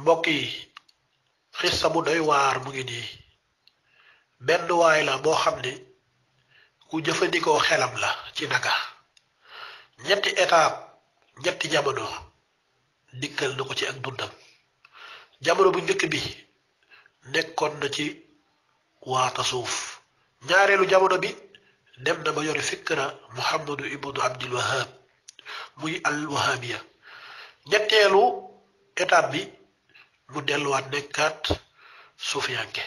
mbokk yi xissa bu waar mu ngi nii benn waay la boo xam ne ku jëfandikoo xelam la ci naka ñetti étape ñetti jamono dikkal na ko ci ak dundam jamono bu njëkk bi nekkoon na ci waata suuf ñaareelu jamono bi dem na ba yore fikra muhammadu ibnu abdil wahab muy al wahabiya ñetteelu étape bi mu delluwaat nekkaat suufiyanke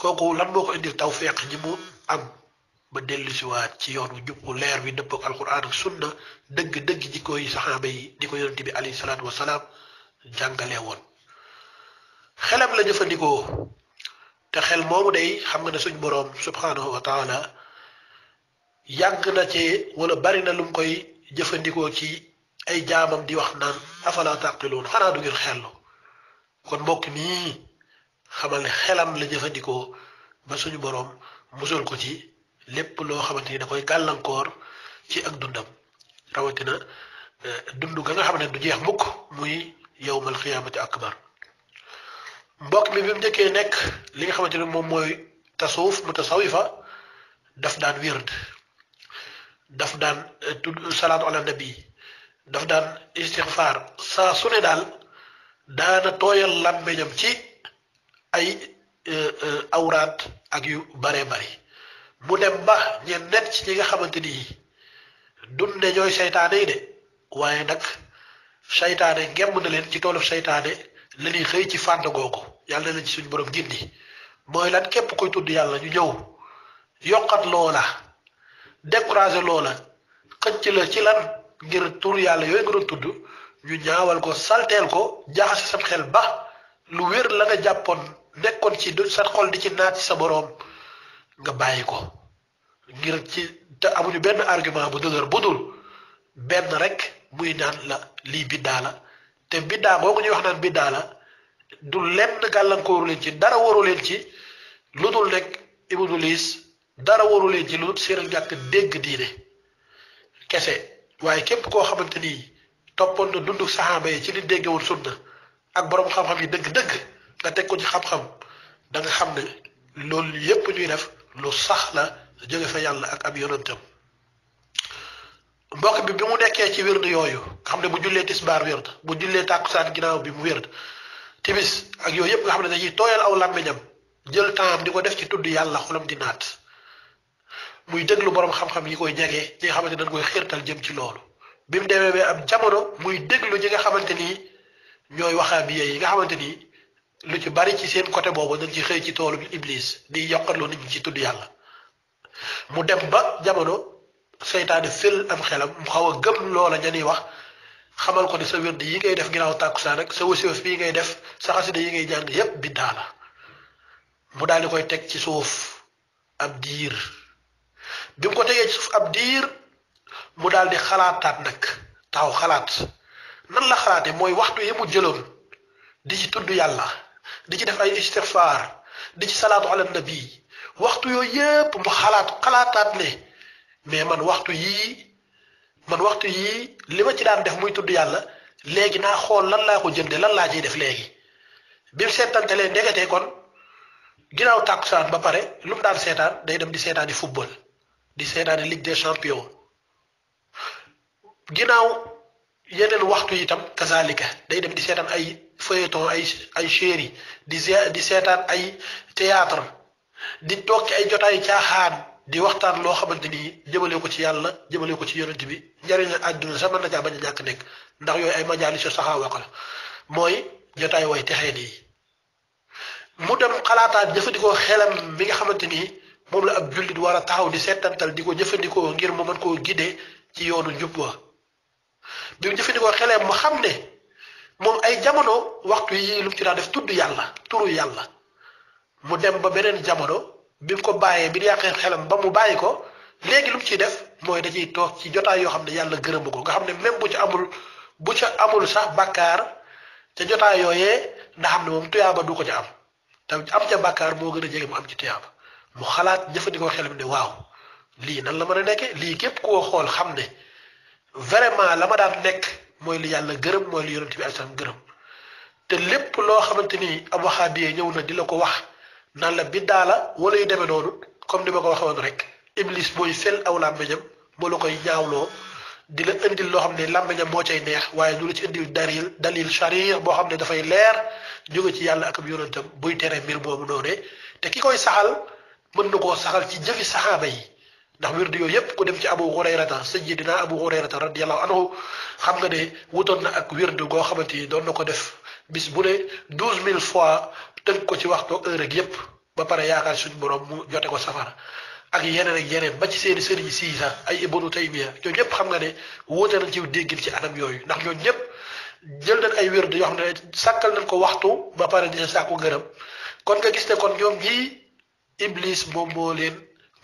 kooku lan moo ko indil tawfeex ñi mu am ba dellusiwaat ci yoon wu jub leer bi dëppoo ak alquran ak sunna dëgg dëgg jikko yi saxaaba yi di ko yonent bi alayhi salaatu wasalaam jàngale woon xelam la jëfandikoo te xel moomu dey xam nga ne suñ boroom subhanahu wa taala yàgg na ci walla bari na lu koy jëfandikoo ci ay jaamam di wax naan afala taqiluun xanaa du ngeen xellu kon mbokk mii xamal ne xelam la jëfandikoo ba suñu boroom musal ko ci lépp loo xamante ni da koy gàllankoor ci ak dundam rawatina eh, dund ka nga xam ne du jeex mukk muy yawmal xiyaamati akbar mbokk mi bi mu njëkkee nekk li nga xamante ne moom mooy ta suuf mu tasawifa daf daan wird daf daan eh, tudd salaatu ala nabi daf daan istixfaar saa su daal daana tooyal làmmiñam ci ay e, e, awraat ak yu bare bari mu dem ba ñen net ci ñi nga xamante ni dunde ñooy seytaane yi de waaye nag seytaane ngemm na leen ci toolu seytaane la ñuy xëy ci fànn googu yàlla na leen ci suñu borom gindi mooy lan képp koy tudd yàlla ñu ñëw yokkat loola découragé loola xëcc la ci lan ngir tur yàlla yooyu nga doon tudd ñu ñaawal ko salteel ko jaxase sa xel ba lu wér la jàppoon nekkoon ci du sa xol di ci naat ci sa boroom nga bàyyi ko ngir ci te amuñu benn argument bu dëgër bu dul benn rek muy naan la lii biddaa la te biddaa boo ko ñuy wax naan biddaa la du lenn gàllankooru leen ci dara waru leen ci lu dul rek ibnu liis dara waru leen ci lu dul seen ñàkk dégg diine kese waaye képp koo xamante nii toppoon na dundu saxaaba yi ci li dégge woon ak borom xam-xam yi dëgg-dëgg nga teg ko ci xam-xam da nga xam ne loolu yépp ñuy def lu sax la jóge fa yàlla ak ab yonentam mbokk bi bi mu nekkee ci wérd yooyu xam ne bu jullee tisbaar wérd bu jullee tàkkusaan ginaaw bi mu wérd timis ak yooyu yëpp nga xam ne dañuy tooyal aw làmmiñam jël temps di ko def ci tudd yàlla xolam di naat muy déglu boroom xam-xam yi koy jege ñi nga xamante dañ koy xiirtal jëm ci loolu bi mu demee ba am jamono muy déglu ñi nga xamante ni ñooy waxaabiye yi nga xamante ni lu ci bari ci seen côté boobu dañ ci xëye ci toolu iblis di yokkaloo nit ñi ci tudd yàlla mu dem ba jamono seytaane fël am xelam mu xaw a gëm loola ñani wax xamal ko ne sa wérd yi ngay def ginnaaw tàkkusaan ak sa wasiwaf bii ngay def sa xasida yi ngay jàng yépp biddaa la mu daal di koy teg ci suuf ab diir bi mu ko tegee ci suuf ab diir mu daal di xalaataat nag taw xalaat nan la xalaatee mooy waxtu yi mu jëloon di ci tudd yàlla di ci def ay istigfaar di ci salaatu na bii waxtu yooyu yépp mu xalaat xalaataat ne mais man waxtu yii man waxtu yii li ma ci daan def muy tudd yàlla léegi naa xool lan laa ko jënde lan laa ciy def léegi bi mu seetantalee ndeketee kon ginnaaw tàkkusaan ba pare lu mu daan seetaan day dem di seetaani football di seetaani ligue des champions ginnaaw yeneen waxtu yitam itam kazalika day dem di seetaan ay feuilleton ay ay série di di seetaan ay théâtre di toog ci ay jotaayu caaxaan di waxtaan loo xamante ni jëmale ko ci yàlla jëmale ko ci yonent bi njariñ la àdduna sax mën na caa bañ nekk ndax yooyu ay majaalis saxaawaqa la mooy jotaay way texee nii xalaataat jëfandikoo xelam mi nga xamante ni moom la ab jullit war taxaw di seetantal di ko jëfandikoo ngir mu mën koo gidee ci yoonu njub wa bi mu jëfandikoo xeleem mu xam ne moom ay jamono waxtu yii lu ci daa def tudd yàlla turu yàlla mu dem ba beneen jamono bi mu ko bàyyee bi mu yàqee xelam ba mu bàyyi ko léegi lu ci def mooy da ciy toog ci jotaay yoo xam ne yàlla gërëmu ko nga xam ne même bu ci amul bu ca amul sax bakkaar ca jotaay yooyee nga xam ne moom tuyaaba du ko ca am te am ca bàkkaar moo gën a jege mu am ci tuyaaba mu xalaat jëfandikoo xelam ne waaw lii nan la mën a nekke lii képp koo xool xam ne vraiment la ma daan nekk mooy li yàlla gërëm mooy li yonent bi alisam gërëm te lépp loo xamante ni ab waxaabiyee ñëw na di la ko wax naan la biddaa la wala yu demee noonu comme ni ma ko waxoon rek iblis booy fel aw làmmiñam moo la koy ñaawloo di la indil loo xam ne làmmiñam moo cay neex waaye du la ci indil daril dalil charir boo xam ne dafay leer jóge ci yàlla ak ab yonentam buy tere mbir moomu noonee te ki koy saxal mën na koo saxal ci jëfi saxaaba yi ndax wirdu yooyu yëpp ku dem ci abu hurayrata sayyidina abu hurayrata radiyallahu anhu xam nga ne wutoon na ak wirdu goo xamante ni doon na ko def bis bu ne douze mille fois tënk ko ci waxtu heure yëpp ba pare yaakaar suñu borom mu jote ko safara ak yeneen ak yeneen ba ci seeni sëriñ sii sax ay ibnu taymiya ñooñu ñëpp xam nga ne wóote nañ ci déggin ci anam yooyu ndax ñooñu ñëpp jël nañ ay wirdu yoo xam ne sàkkal nañ ko waxtu ba pare di saako gërëm kon nga gis ne kon ñoom ñii iblis moom moo leen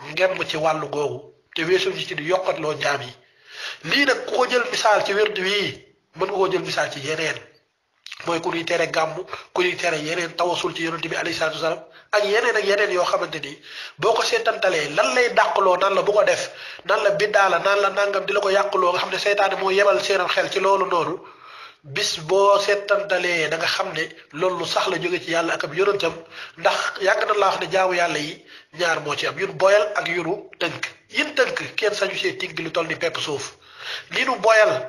ngemb ci wàllu googu te weesul ci di yokkatloo jaam yi lii nag ku ko jël misaal ci wérdu wii mën nga koo jël misaal ci yeneen mooy ku ñuy tere gàmm ku ñuy tere yeneen tawasul ci yonent bi alayhi salaatu wasalaam ak yeneen ak yeneen yoo xamante ni boo ko seetantalee lan lay dàqloo nan la bu ko def nan la biddaa la nan la nangam di la ko yàqloo nga xam ne seytaane moo yebal seenam xel ci loolu noonu bis boo seetantalee da nga xam ne loolu sax la jóge ci yàlla ak ab yonentam ndax yàgg na laa wax ne jaamu yàlla yi ñaar moo ci am yun ak yunu tënk yin tënk kenn sañu see tigg lu toll ni pepp suuf lii nu boyal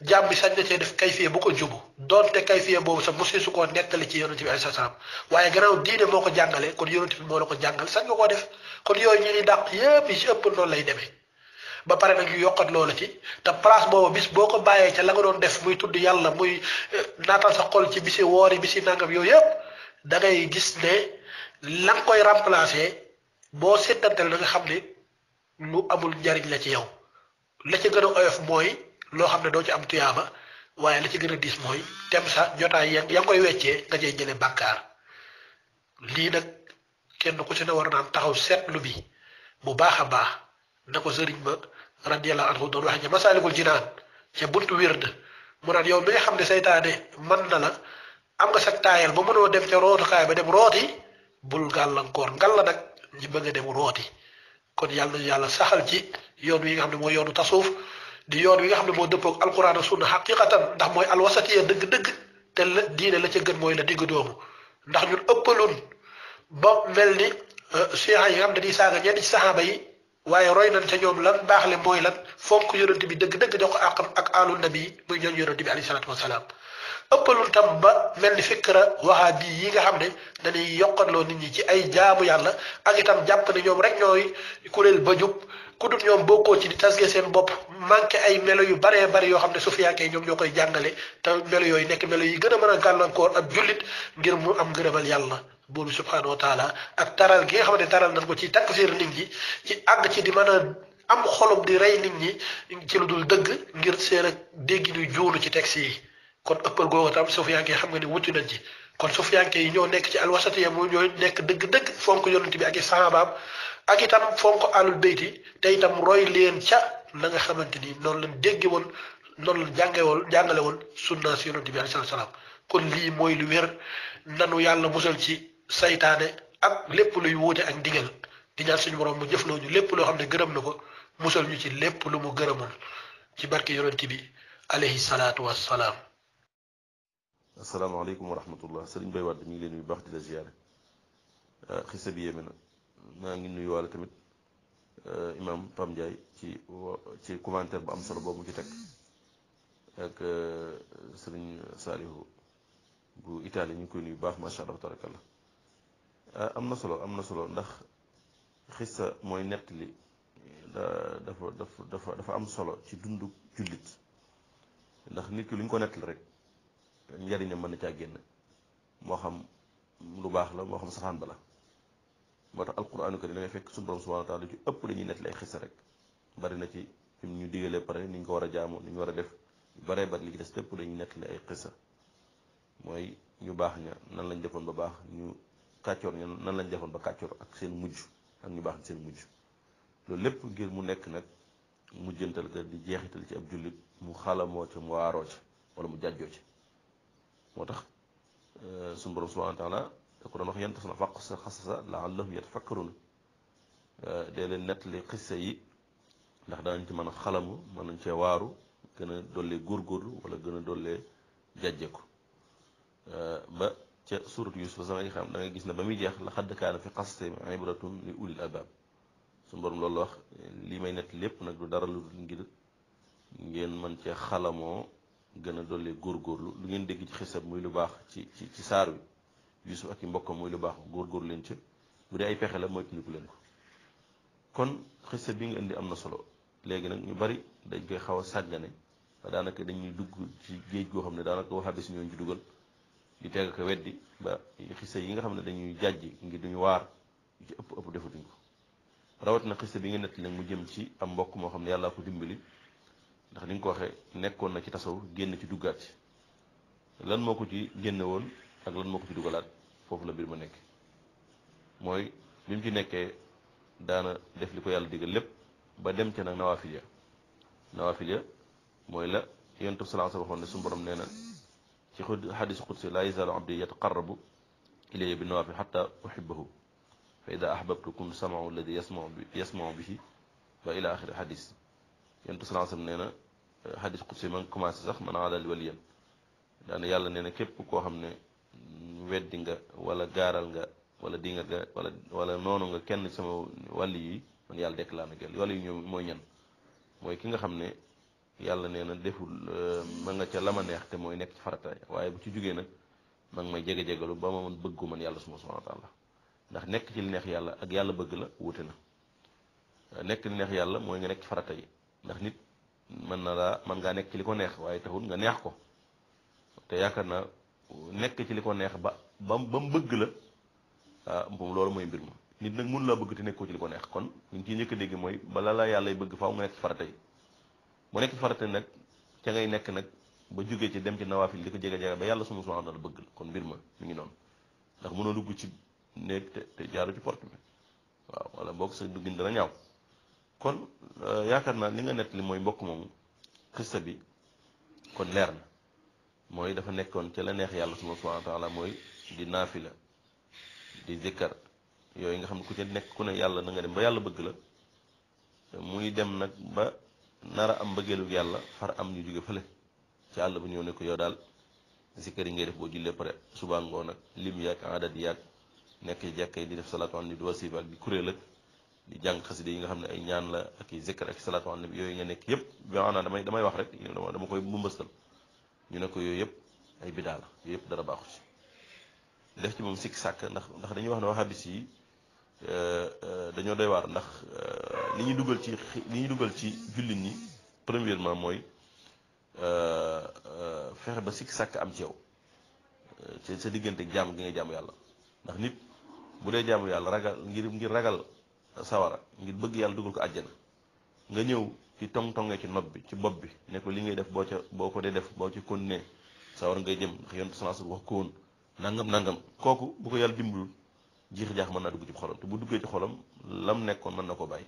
jàmm bi sañ na cee def kayfiye bu ko jubu doonte kay kayfiye boobu sax mosi su koo nettali ci yonent bi ay sasaam waaye gannaaw diine moo ko jàngale kon yonent moo la ko jàngal sañ nga koo def kon yooyu ñu ni dàq yépp yi ëpp noonu lay demee ba pare nag ñu yokkat loola ci te place boobu bis boo ko bàyyee ca la nga doon def muy tudd yàlla muy eh, naatal sa xol ci bisi woori bisi nangam yooyu yëpp da gis ne la nga koy remplacer boo seetantal da nga xam ne lu amul njariñ la ci yow la ci gën a oyof mooy loo xam ne doo ci am tuyaaba waaye la ci gën a diis mooy tem sa jotaay ya nga koy weccee nga cey jële bàkkaar lii nag kenn ku ci ne war naan taxaw seetlu bi bu baax a baax na ko sëriñ ba radiyallahu anhu doon wax ja masalikul jinaan ca buntu wirde mu naan yow mi nga xam ne seytaane man na la am nga sa taayal ba mënoo dem ca rootukaay ba dem rooti bul gàllankoor ngal la nag ñi bëgg dem rooti kon yàlla nañu yàlla saxal ci yoon wi nga xam ne mooy yoonu tasuuf di yoon wi nga xam ne moo dëppoog alquran ak sunna xaqiqatan ndax mooy alwasatiya dëgg-dëgg te la diine la ca gën mooy la digg doomu ndax ñun ëppalun ba mel ni siha euh, yi nga xam ne di saaga ñenn ci yi waaye roy nañ ca ñoom lan baax le mooy lan fonk yonent bi dëgg-dëgg jox ko àqam ak aalul nabi muy ñoon yonent bi alayhi salaatu wasalaam ëppalul tam ba mel ni fikra waxaa bi yi nga xam ne dañuy yokkanloo nit ñi ci ay jaamu yàlla ak itam jàpp ne ñoom rek ñooy kuréel ba jub ku du ñoom koo ci di tasge seen bopp manqué ay melo yu baree bari yoo xam ne su fi ñoom ñoo koy jàngale te melo yooyu nekk melo yi gën a mën a gàllankoor ab jullit ngir mu am ngërëmal yàlla boobu subhanahu wa taala ak taral gi nga xamante taral nañ ko ci takfir nit ñi ci àgg ci di mën am xolum di rey nit ñi ci lu dul dëgg ngir seen ak dégg ñu joonu ci yi kon ëppal googu tam sofiyanke xam nga ni wuti nañ ci kon sofiyanke yi ñoo nekk ci wasatiya mu ñoo nekk dëgg-dëgg fonk yonent bi ak i sahabaam ak itam fonk alul beyti te itam roy leen ca la nga xamante ni noonu lañ dégge woon noonu lañ jànge woon jàngale woon sunna si yonent bi alayhi kon lii mooy lu wér nanu yàlla musal ci saytaane ak lépp luy wuute ak ndigal di ñaan suñu borom mu jëf ñu lépp loo xam ne gërëm na ko musal ci lépp lu mu gërëmul ci barke yonent bi alayhi salaatu wassalaam asalaamaaleykum wa rahmatullah sëriñ Bay Wàdd mi ngi leen yu baax di la ziyaare euh, xisa bi maa ngi nuyu waale tamit euh, imam Pam Ndiaye ci ci commentaire bu am solo boobu mu ci teg ak euh, sëriñ Saalihu bu Italie ñu ngi koy nuyu baax macha allah tabarakallah Euh, am na solo am na solo ndax xissa mooy nettali da dafa dafa dafa am solo ci dundu jullit ndax nit ki lu ñu ko nettali rek njariñam mën na caa génn moo xam lu baax la moo xam saxaan ba la moo tax alquraanu karim da ngay fekk suñu borom subhaanahu wa taala lu ci ëpp dañuy nettali ay xissa rek bari na ci ñu digalee pare ni ñu ko war a jaamu ni ñu war a def baree bari li ci des lépp dañuy nettali ay xissa mooy ñu baax ña nan lañ defoon ba baax kàccoor ñun nan lañ defoon ba kàccoor ak seen mujj ak ñu baax seen mujj loolu lépp ngir mu nekk nag mujjantal ka di jeexital ci ab jullit mu xalamoo ca mu waaroo ca wala mu jàjjoo ca moo tax euh, suñu borom subhanahu wa taala da ko doon wax yent suna faq sa xasasa laallahum yatafakkaruna euh, de leen nettali xissa yi ndax danañ ci mën a xalamu mën nañ cee waaru gën a dollee góorgóorlu walla gën a dollee jàjje ko euh, ca suuratu Yuusuf sax nga xam da nga gis na ba muy jeex laqad kaana fi qasasihim ibratun li ulil albaab su borom loolu wax lii may nett lépp nag lu dara lu dul ngir ngeen mën cee xalamoo gën a góor góorgóorlu lu ngeen dégg ci xisab muy lu baax ci ci ci saar wi Yuusuf ak i mbokkam muy lu baax góor góor leen ci bu dee ay pexe la mooy tundiku leen ko kon xisab bi nga indi am na solo léegi nag ñu bari dañ koy xaw a sàggane daanaka dañuy dugg ci géej goo xam ne daanaka waxaabee si ñooñu ci dugal. di teg ko weddi ba xisa yi nga xam ne dañuy jàjj ngir duñu waar yu ci ëpp ëpp defatuñ ko rawat na xisa bi nga nett nag mu jëm ci am mbokk moo xam ne yàllaa ko dimbali ndax ni nga ko waxee nekkoon na ci tasaw génn ci duggaat lan moo ko ci génne ak lan moo ko ci dugalaat foofu la mbir ma nekk mooy bi mu ci nekkee daana def li ko yàlla digal lépp ba dem ca nag nawaafil ya mooy la yentu bi sallallahu waxoon ne suñu borom nee na ci xadis qudsi laa yazaalu abdi yataqarrabu ilayya bi nawafil xatta uhibbahu fa ida ahbabtukum samau alladi yasmau bi yasmau bihi ba ila axiri xadis yonent salaa sallam nee na xadis qudsi ma ngi commencé sax man aada li waliyan daana yàlla nee na képp koo xam ne weddi nga wala gaaral nga wala dinga nga wala wala noonu nga kenn sama wàll yi man yàlla déclaré na gel wàll yi ñoom mooy ñan mooy ki nga xam ne yalla neena deful euh, ma nga ca lama neex te moy nek ci farata ya. waye bu ci joge nak ma ngi may jege-jegalu ba ma man bëggu man yalla subhanahu wa taala ndax nek ci neex yalla ak yalla beug la wute na euh, nek ni neex yalla moy nga nek ci farata yi ndax nit man na la man nga nek ci liko neex waye taxul nga neex ko te yaakaar naa nekk ci liko neex ba ba mu la bu ah, mbir mu nit nag mun la beug te ko ci liko neex kon ñu ci ñëk a moy bala la yalla beug faaw nga nek ci farata yi mu nekk farata nag ca ngay nekk nag ba jógee ci dem ci nawaafil li ko jege-jege ba yàlla suma subhanahu wa taala bëgg la kon mbir ma mi ngi noonu ndax a dugg ci néeg te jaaru ci port bi waaw wala boog sa duggin dana ñaaw kon euh, yaakaar naa li nga nett li mooy mbokk moom xista bi kon leer na mooy dafa nekkoon ca la neex yàlla suma subhanahu wa taala mooy di naafila di zikkar yooyu nga xam ne ku ca nekk ku ne yàlla na nga dem ba yàlla bëgg la muy dem nara am mbëggeelu yàlla far am ñu jóge fële ci àll bu ñëw ne ko yow daal zikkar yi ngay def boo jullee pare subaa ngoon ak lim yaag adat yaag nekk ci jàkka yi di def salaatu an nabi di wasifa ak di kuréel ak di jàng yi nga xam ne ay ñaan la ak i zikkar ak salaatu an nabi yooyu nga nekk yëpp naa damay damay wax rek dama koy mbëmbëstal ñu ne ko yooyu yëpp ay bidaa la yooyu yëpp dara baaxu si def ci moom sikk sàkk ndax ndax dañuy wax ne wahabis yi Euh, euh, dañoo doy war ndax ni euh, ñu duggal ci ni ñu duggal ci jullit ñi premièrement mooy fexe ba sikk sàkk am ci yow ci sa diggante jaamu gi nga jaamu yàlla ndax nit bu dee jaamu yàlla ragal ngir ngir ragal sawara ngir bëgg yàlla duggal ko àjjana nga ñëw ci tong tongé ci nopp bi ci bopp bi ne ko li ngay def boo ca boo ko dee def boo ci continuer sawar ngay jëm ndax yonte sanasur wax ko woon nangam nangam kooku bu ko yàlla dimbalul jiix jaax mën naa dugg ci xolam te bu duggee ci xolam lam nekkoon mën na koo bàyyi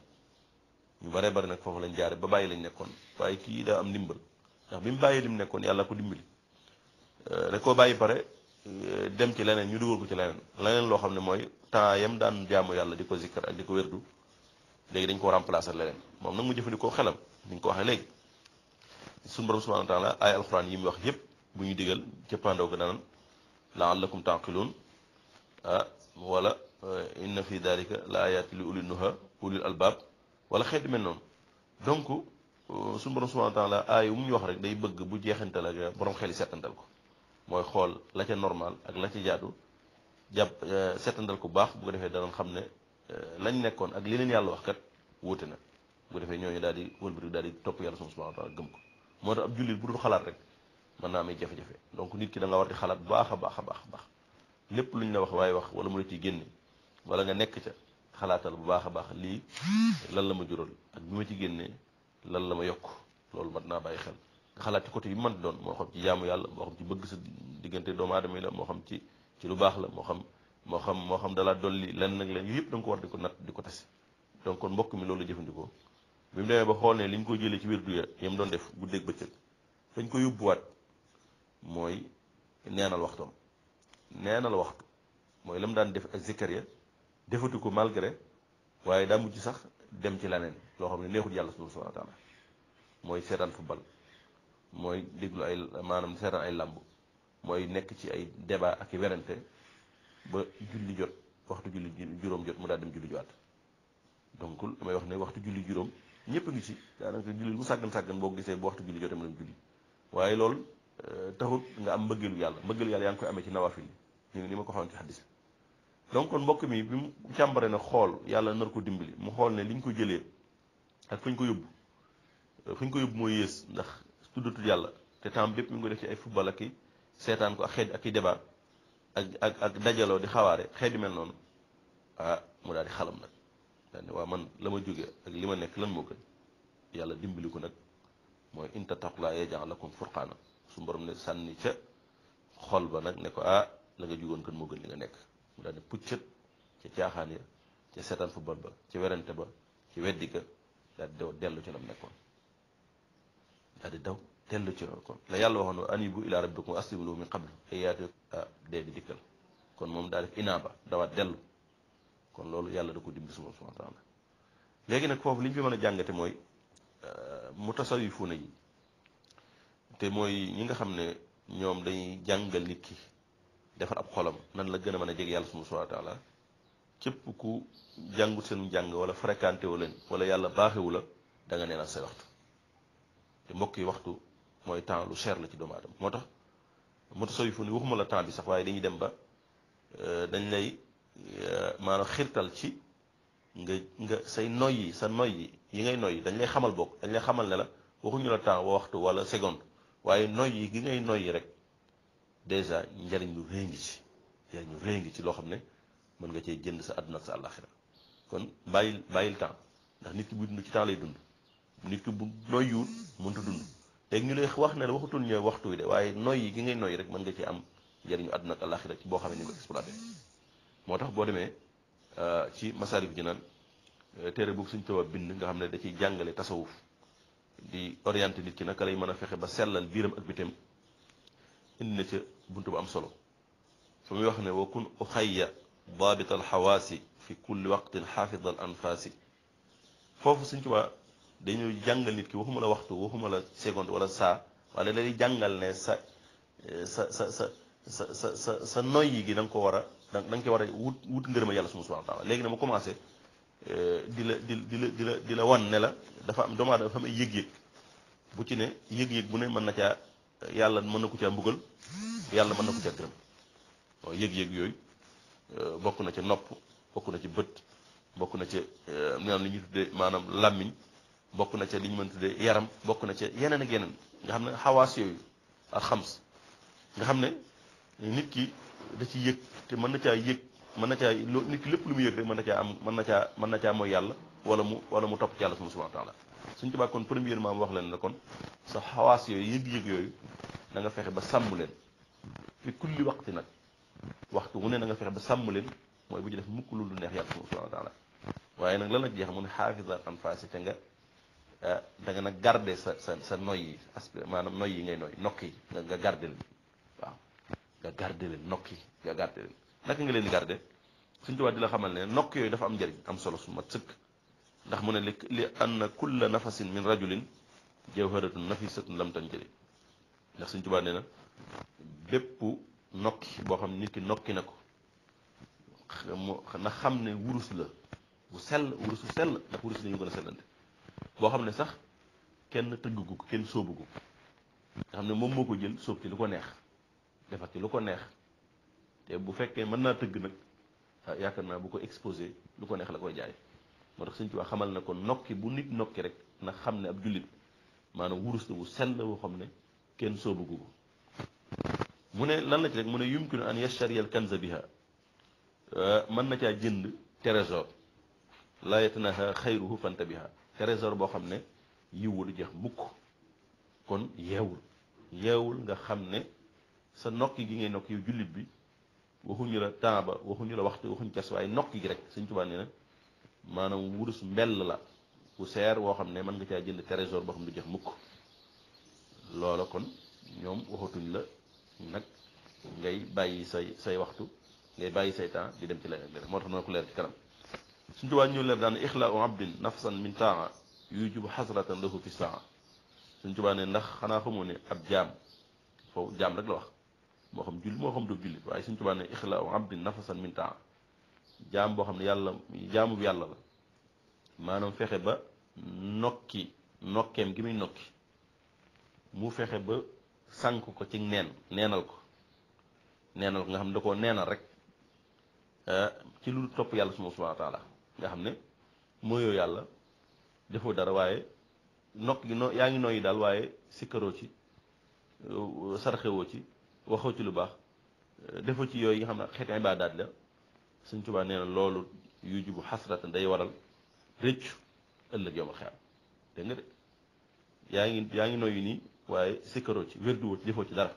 ñu baree bari nag foofu lañ jaare ba bàyyi lañ nekkoon waaye kii daa am ndimbal ndax bi mu bàyyi lim nekkoon yàlla ko dimbali da euh, koo bàyyi pare euh, dem ci leneen ñu dugal ko ci leneen leneen loo xam ne mooy temps yam daan jaamu yàlla di ko zikkar ak di ko wérdu léegi dañ ko remplacer leneen moom nag mu jëfandikoo xelam ni ko waxee léegi suñu borom subhanahu wa taala ay yi mu wax yépp bu ñu digal cëppaandoo ga danan laallakum taaqiluun ah wala euh, inna fi dalika la ayaati li ulil nuha ulil albaab wala xeet mel noonu donc euh, suñu borom subhanahu wa taala aay yu mu ñu wax rek day bëgg bu jeexantal ak borom xel yi settantal ko mooy xool la normal ak la ca jaadu jàpp euh, settantal ko baax bu ko defee danañ xam ne lañ nekkoon ak li leen yàlla wax kat wuute na bu defee ñooñu daal di wëlbati daal di topp yàlla subhanahu wa taala gëm ko moo tax ab jullit bu dul xalaat rek mën naa amee jafe-jafe donc nit ki da nga war di xalaat baax a baax a baax a baax lépp lu ñu la wax waaye wax wala mu la ciy génne wala nga nekk ca xalaatal bu baax a baax lii lan la ma jural ak bi ma ci génnee lan la ma yokk loolu mat naa bàyyi xel nga xalaat ci côté yi man doon moo xam ci jaamu yàlla moo xam ci bëgg sa diggante doomu aadama yi la moo xam ci ci lu baax la moo xam moo xam moo xam dalaa dolli lenn nag leen yëpp da nga ko war di ko nat di ko tase donc kon mbokk mi loolu jëfandikoo bi mu demee ba xool ne li ñu ko jëlee ci wér duya yam doon def guddeeg bëccëg fañ ko yóbbuwaat mooy neenal waxtoom neenal waxtu mooy la mu daan def ay zikkar ya defatu ko malgré waaye daa mujj sax dem ci leneen loo xam ne neexul yàlla subhaanahu wa taala mooy seetaan football mooy déglu ay maanaam seetaan ay làmb mooy nekk ci ay debaa ak i werante ba julli jot waxtu julli juróom jot mu daal dem julli juwaat donc damay wax ne waxtu julli juróom ñëpp ngi ci daanaka julli bu sàggan sàggan boo gisee bu waxtu julli jotee mu dem julli waaye loolu euh, taxut nga am mbëggeelu yàlla mbëggeelu yàlla yaa ngi koy amee ci nawaafil ñu ni ma ko xamante ci xaddis donc kon mbokk mi bi mu càmbare na xool yàlla nar ko dimbali mu xool ne li ñu ko jëlee ak fu ñu ko yóbbu fu ñu ko yóbbu mooy yées ndax tuddatul yàlla te temps bépp mi ngi ko def ci ay football ak i seetaan ko ak xeet ak i débat ak ak ak dajaloo di xawaare xeet yu mel noonu ah mu daal di xalam nag daal ne waa man la ma jóge ak li ma nekk lan moo gën yàlla dimbali ko nag mooy in tattaqu llaaha yaj'al lakum furqaana su borom ne sànni ca xol ba nag ne ko ah, la nga jugoon kan moo gën li nga nekk mu daal di puccat ca caaxaan ya ca seetaan football ba ca werante ba ci weddi ga daal di daw dellu ca lam nekkoon daal di ci loolu kon la yàlla waxoon wa anibu ila rabbikum aslimu min qablu ay yaatu ah dee di dikkal kon moom daa def inaaba dawaat dellu kon loolu yàlla da ko dimbali subhaanahu wa taala léegi nag foofu liñ fi mën a jàngate mooy ah, mu tasawifuuna yi te mooy ñi nga xam ne ñoom dañuy jàngal nit defar ab xolam nan la gën a mën a jege yàlla subhaanahu wa taala képp ku jàngut seenu jàng wala fréquenté wu leen wala yàlla baaxewu la da nga neenal say waxtu te mbokk yi waxtu mooy temps lu cher la ci doomu aadama moo tax mutasawifu ni waxuma la temps bi sax waaye dañuy dem ba euh, dañ lay euh, maanaam xirtal ci nga nga say noy yi sa noy yi yi ngay noy yi dañ lay xamal bokk dañ lay xamal ne la waxuñu la temps wa waxtu wala seconde waaye noy yi gi ngay noy yi rek dèjà njariñ lu rëy ngi ci ngi ci loo xam ne mën nga cee jënd sa àdduna ak sa àllaaxira kon bàyyil bàyyil temps ndax nit ki buy dund ci temps lay dund nit ki bu noyyiwul mënut a dund léegi ñu lay wax ne waxatul ñooy waxtu wi de waaye noyyi gi ngay noyyi rek mën nga cee am njariñu àdduna ak àllaaxira boo xam ne ni nga exploité moo tax boo demee euh, ci Masaalikul Jinaan euh, téere boobu suñ tawa bind nga xam ne da ciy jàngale tasawuf di orienté nit ki naka lay mën a fexe ba sellal biiram ak bitam indi na ca buntu bu am solo fa muy wax ne wa kun uxayya daabita alxawaasi fi kulli waqtin xaafida al anfaasi foofu suñ tubaa dañuy jàngal nit ki waxuma la waxtu waxuma la seconde wala saa wala dañuy jàngal ne sa sa sa sa sa sa sa sa noyyi gi da ko war a da nga ko war a wut wut ngërëma yàlla subhaanahu wa taala léegi na ma commencé euh, di la di la di la di la wan ne la dafa am doomu dafa am yëg-yëg bu ci ne yëg-yëg bu ne mën na caa yàlla mën na ko caa mbugal yàlla mën na ko caa gërëm waaw yëg yéeg yooyu euh, bokk na ca nopp bokk na ci bët bokk na ca maanaam euh, li ñuy tuddee maanaam làmmiñ bokk na ca li ñu mën tuddee yaram bokk na ca yeneen ak yeneen nga xam ne xawaas yooyu ak xams nga xam ne nit ki da ci yëg te mën na caa yëg mën na caa loo lépp lu mu yëg mën na caa am mën na caa mën na caa mooy yàlla wala mu wala mu topp ci yàlla subhanahu wa taala suñ tubaab kon premièrement wax leen na kon sa xawaas yooyu yëg-yëg yooyu na nga fexe ba sàmm leen fi kulli waxti nag waxtu wu ne na nga fexe ba sàmm leen mooy bu ci def mukk lu neex yàlla subhanahu wa waaye nag lan la jeex mu ne xaafisa an faasi te nga eh, da nga sa sa sa noy yi maanaam noy yi ngay noy nokk yi nga garder leen waaw nga garder leen nokk yi nga naka nga leen di garder suñ tubaab di la xamal ne nokk yooyu dafa am njëriñ am solo su mat sëkk ndax mu ne li li anna kulla nafasin min rajulin jawharatu nafisatun lam tan ndax suñ tubaa neena bépp nokki bo xam nit ki nokki nako na xam ne wurus la bu sel wurusu sel da wurus ni ñu gën a sellante xam ne sax kenn tëggugu ko kenn sóobugu nga xam ne moom moo ko jël sóob ci lu ko neex defati ci lu ko neex te bu fekkee mën naa tëgg nag yaakaar naa bu ko exposé lu ko neex la koy jaay moo tax sëñ Tuubaa xamal na ko nokki bu nit nokki rek na xam ne ab jullit maanaam wurus la bu sell boo xam ne kenn soobugu ko mu ne lan la ci rek mu ne yumkinu an yastariyal kanza biha euh, mën na caa jënd trésor laa yatanaha xayruhu fanta biha trésor boo xam ne yiwu du jeex mukk kon yeewul yeewul nga xam ne sa nokki gi ngay nokk yow jullit bi waxuñu la temps ba waxuñu la waxtu waxuñu cas waaye nokki gi rek sëñ Tuubaa nee na maanaam wurus mbell la bu seer woo xam ne mën nga caa jënd trésor boo xam du jeex mukk loola kon ñoom waxatuñ la nag ngay bàyyi say say waxtu ngay bàyyi say temps di dem ci leneen leneen moo tax noonu ko leer ci kanam suñ tubaa ñëw leer daan ixlaau abdin nafsan min taa yujubu xasratan lahu fi saa suñ tubaa ne ndax xanaa xamoo ne ab jaam foofu jaam rek la wax moo xam julli moo xam du julli waaye suñ tubaa ne ixlaau abdin nafsan min taa jaam boo xam ne yàlla jaamu bi yàlla la maanaam fexe ba nokki nokkeem gi muy nokki mu fexe ba sànk ko ci neen neenal ko neenal ko nga xam ne da koo neenal rek ah, ci lu topp yàlla suma subhanahu wa nga xam ne mooyoo yàlla defoo dara waaye nokk gi no yaa ngi nooyi daal waaye sikkaroo ci euh, sarxewoo ci waxoo ci lu baax euh, defoo ci yooyu nga xam ne xeeti ibaadaat la Sëñ Tuubaa nee na loolu yujubu xasratan day waral rëccu ëllëg yomal xeam dégg nga de yaa ngi yaa ngi noyyu nii waaye sikkaroo ci wérduwoo ci defoo ci dara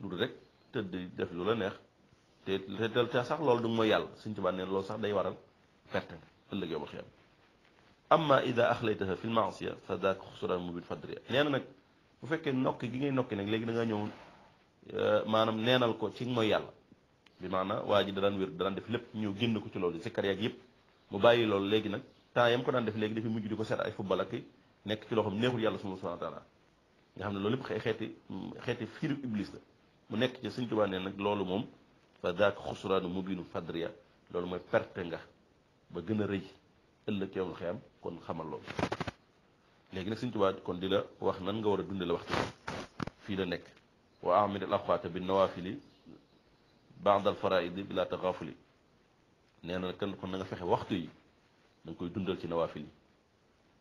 lu dul rek tëdd def lu la neex te te te sax loolu du mooy yàlla Sëñ Tuubaa nee loolu sax day waral perte ëllëg yomal xeam amma ida axlaytaha fi lmaasiya fa daak xusraan mubin fadriya nee na nag bu fekkee nokki gi ngay nokki nag léegi da nga ñëw eh, maanaam neenal ko ci mooy yàlla بمعنى واجي دران وير دران دف لب نيو جين كوتش لولي سكر يجيب موبايل لول لجي نك تا يم كون دف لجي دف ميجي دكو سر اي فوبالا كي نك كي لوهم نهور يالله سبحانه وتعالى تعالى نعم لولي بخ خيتي خيتي فير ابليس ده منك كي سنت بان نك لول موم فذاك خسران مبين فدريا لول مي بيرتنغا بغن ري الا كي يوم الخيام كون خمال لول لجي نك سنت بان كون ديلا واخ نان غا ورا دوندي في لا واعمل الاخوات بالنوافل baadal faraidi bi laa taxaafuli nee na kenn kon na fexe waxtu yi na koy dundal ci nawaafil yi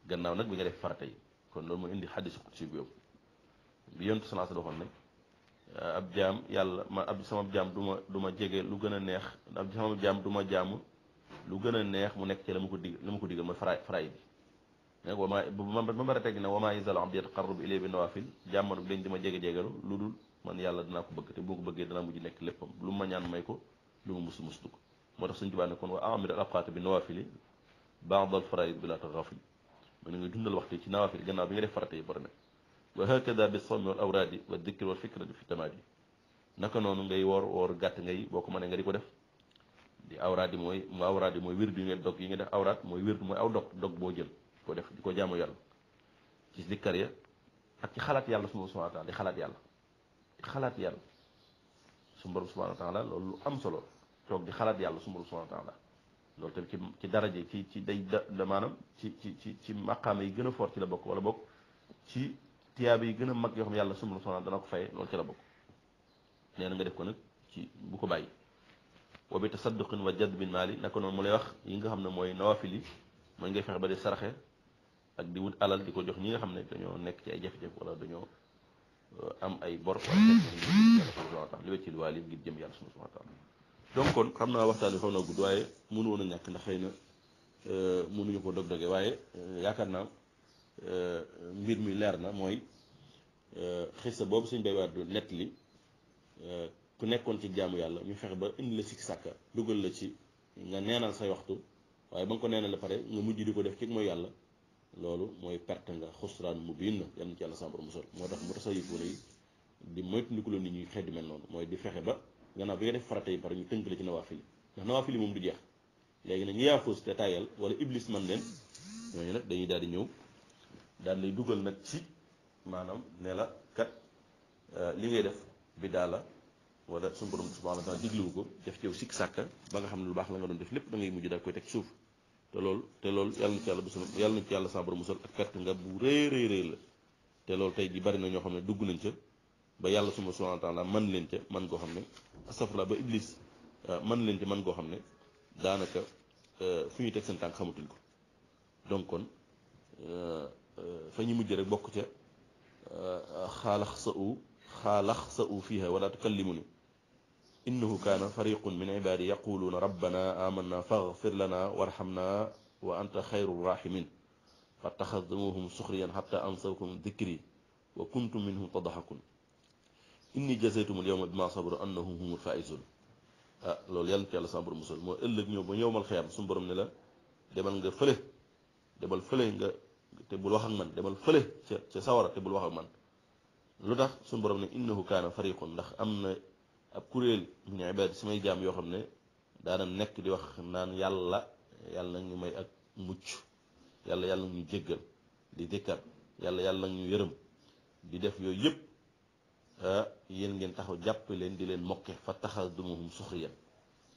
gannaaw nag bi nga def farata yi kon loolu ma indi xadis qudsi bi yóbbu bi yontu salaas waxoon ne ab jaam yàlla ma ab sama jaam du ma du ma jege lu gën a neex ab sama jaam du ma jaamu lu gën a neex mu nekk ci la ma ko dig la ma ko digal mooy faraay faraa bi neg wamaa ba bara teg ne wamaa isal abdi yataqarrab ilayya bi lu dul man yàlla danaa ko bëgg boo ko bëggee danaa mujj nekk léppam lu ma ma mus mus du ko moo tax suñu jubaa ne kon wa bi nawafili baad al faraid bi laa taxafil mu ne nga dundal waxtu ci nawafil bi nga def farata yi bari na wa hakada bi sawmi wal awraadi wa dikri wal naka noonu ngay woor woor gàtt ngay boo ko mënee nga di ko def di awraat yi mooy mu awraat yi mooy wér di nga dog yi nga def awraat mooy wér mooy aw dog dog boo jël di ko def di ko jaamu yàlla ci zikkar ak ci xalaat yàlla subhanahu wa taala di xalaat yàlla xalaat yàlla suñu borom subhanahu wa loolu am solo toog di xalaat yàlla suñu borom subhanahu wa taala loolu tamit ci ci daraje ci ci day da maanaam ci ci ci ci maqaama yi gën a foor ci la bokk wala bokk ci tiyaaba yi gën a mag yoo yàlla subhanahu wa taala dana ko fay loolu ci la bokk nee na nga def ko nag ci bu ko bàyyi wa bi tasadduqin wa jadbin maali naka noonu mu lay wax yi nga xam ne mooy nawafil yi mooy ngay fexe ba di saraxe ak di wut alal di ko jox ñi nga xam ne dañoo nekk ci ay jafe-jafe wala dañoo euh, am ay bor wala yàlla subhanahu wa taala li kon xam naa waxtaan bi xaw naa gudd waaye mënu woon a ñàkk ndax xëy na euh, mënuñu ko dog-doge waaye euh, yaakaar naa mbir mi leer na mooy xëy sa boobu suñ bay waat du nett li ku nekkoon ci jaamu yàlla ñu fexe ba indi la sik sàkka dugal la ci nga neenal say waxtu waaye ba nga ko neenal la pare nga mujj di ko def ci mooy yàlla loolu mooy perte nga xusraan mu biin na yal na ci yàlla sàmbar musal moo tax mu tasawufuuna yi di moytandikuloo nit ñuy xeet mel noonu mooy di fexe ba nga gannaaw bi nga def farata yi pare ñu tënk la ci nawaafil ndax nawaafil moom du jeex léegi nag ñu yaafus te tayal wala iblis man leen ñooñu nag dañuy daal di ñëw daal lay dugal nag ci maanaam ne la kat euh, li ngay def bi daala wala sun borom subhanahu wa taala diglu ko def ci yow sikk sàkka ba nga xam ne lu baax la nga doon def lépp da ngay mujj daal koy teg suuf te loolu te loolu yàlla na ci yàlla bu yàlla na ci yàlla saabar musal ak perte nga bu rëy rëy rëy la te loolu tey ji bari na ñoo xam ne dugg nañ ca ba yàlla suma subhanahu wa man leen ca man koo xam ne astafurlah ba iblis ah, man leen ca man goo xam ne daanaka ah, fi ñuy teg seen tànk xamatuñ ko donc kon ah, fa ñu mujj rek bokk ca xaalax sa u xaalax sa u fiiha wala tukallimuni إنه كان فريق من عبادي يقولون ربنا آمنا فاغفر لنا وارحمنا وأنت خير الراحمين فاتخذوهم سخريا حتى أنصركم ذكري وكنتم منهم تضحكون إني جزيتم اليوم بما صبر أنهم هم الفائزون لول يالك يالا صبر مسلم إلا نيو يوم الخيام صبر من لا دبل نغ فله دبل فله نغ تبول واخ مان دبل فله سي سوار تبول واخ مان لوتاخ صبر من انه كان فريق نخ امنا ab kureel ñu ibad samay jam yoo xamne ne daanam nekk di wax naan yalla yalla ngi may ak mucc yalla yalla ngi jéggal di dekat, yalla yalla ngi yërëm di def yooyu yépp yeen ngeen taxaw japp leen di leen mokke fa takhadumuhum dumuhum suxriyan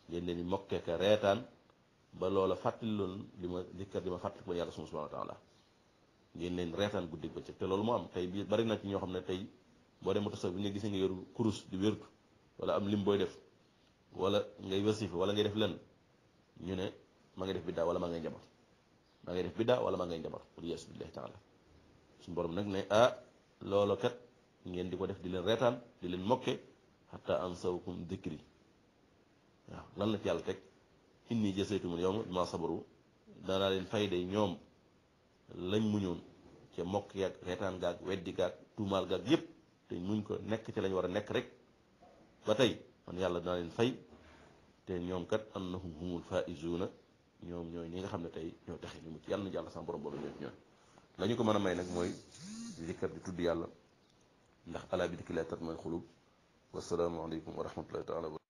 leen di mokke ka retan ba loola fàttali lima ma di ma fàttali ko yalla subhanahu wa taala ngeen leen retan guddi ba ci te loolu mo am tay bari na ci ño xamne tay bo dem demee bi nga gis nga yoru kurus di wertu wala am lim booy def wala ngay wasif wala ngay def lenn ñu ne ma ngay def biddaa wala ma ngay njabar ma ngay def biddaa wala ma ngay njabar wal yaasu billahi taala suñu borom nag ne ah loolo kat ngeen di ko def di leen reetaan di leen mokke xata ansawkum dikri waaw lan la ci yàlla teg inni jasaytumul yawma bima sabaru danaa leen fayday ñoom lañ muñoon ca mokk yaag reetaan gaag weddi gaag tuumaal gaag yépp te muñ ko nekk ci lañ war a nekk rek ba tey man yàlla dinaa leen fay te ñoom kat na annahum humul faizuna ñoom ñooy ñi nga xam ne tey ñoo tax ñu mucc yàlla na yàlla sama borom boole ñoom ñooy la ñu ko mën a may nag mooy zikkar di tudd yàlla ndax alaa bi dikri mooy tatma'innul quluub wasalaamu aleykum wa rahmatullahi taala